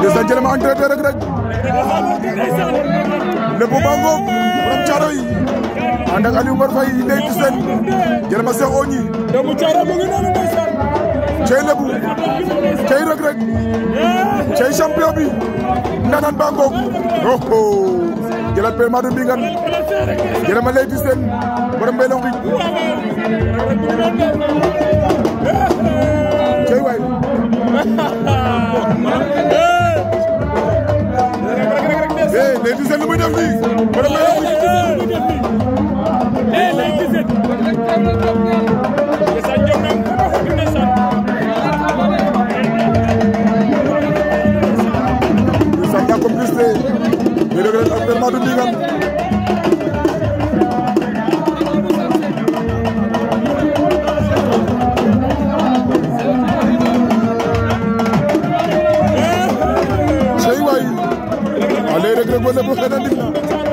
Jalan jalan entré te rek rek lépp bango borom caaro yi ànd ak Aliou jalan Faye ndey jalan seen jëlem a seex oñi doomu caaro mu ngi lebu cey rek rek cey champion bi ndanan bango oh Jalan jalan Madou jalan jëlem a ley ci seen borom mbay longi cey waay Lay Tissé lu muy def nii. eh Lay Tissé. Ndeysaan ñëw na ku ma ko gis ndeysaan. Ndeysaan yaa ko plus de. Léeg-léeg am na maa du waaye Reug Reug ba nëbb xenan